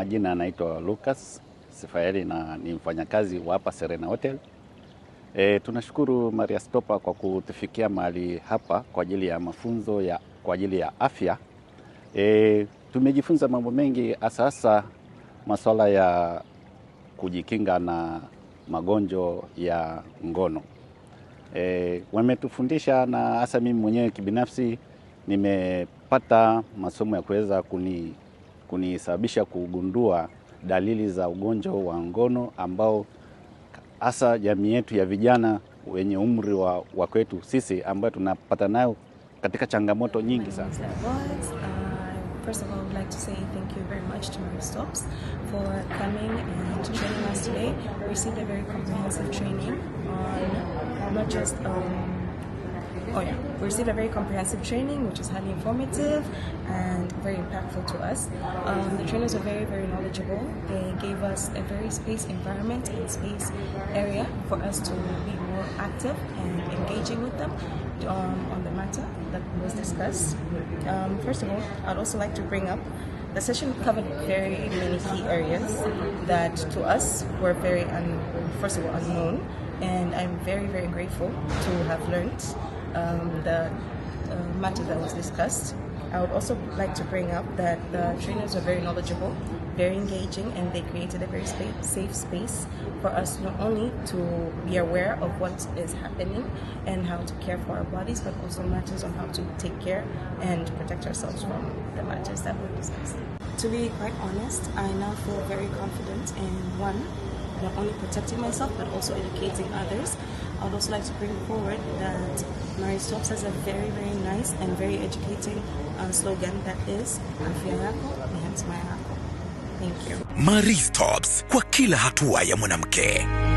Majina anaitwa Lucas Sifaeli na ni mfanyakazi wa hapa Serena Hotel. E, tunashukuru Maria Stopa kwa kutufikia mahali hapa kwa ajili ya mafunzo ya, kwa ajili ya afya. E, tumejifunza mambo mengi hasa hasa masuala ya kujikinga na magonjwa ya ngono. E, wametufundisha na hasa mimi mwenyewe kibinafsi nimepata masomo ya kuweza kuni kunisababisha kugundua dalili za ugonjwa wa ngono ambao hasa jamii yetu ya vijana wenye umri wa, wa kwetu sisi ambayo tunapata nayo katika changamoto nyingi sana. Uh, first of all, I would like to say thank you very much to Mary Stopes for coming and training us today. We received a very comprehensive training on not just um, Oh yeah, we received a very comprehensive training, which was highly informative and very impactful to us. Um, the trainers were very, very knowledgeable. They gave us a very space environment and space area for us to be more active and engaging with them um, on the matter that was discussed. Um, first of all, I'd also like to bring up the session covered very many key areas that to us were very, un- first of all, unknown and I'm very, very grateful to have learned um, the uh, matter that was discussed. I would also like to bring up that the trainers were very knowledgeable, very engaging, and they created a very safe space for us not only to be aware of what is happening and how to care for our bodies, but also matters on how to take care and protect ourselves from the matters that we're discussing. To be quite honest, I now feel very confident in one, not only protecting myself, but also educating others. I would also like to bring forward that itself has a very, very nice and very educating um, uh, slogan that is afya yako ni hatima yako. Thank you. Marie Stops kwa kila hatua ya mwanamke.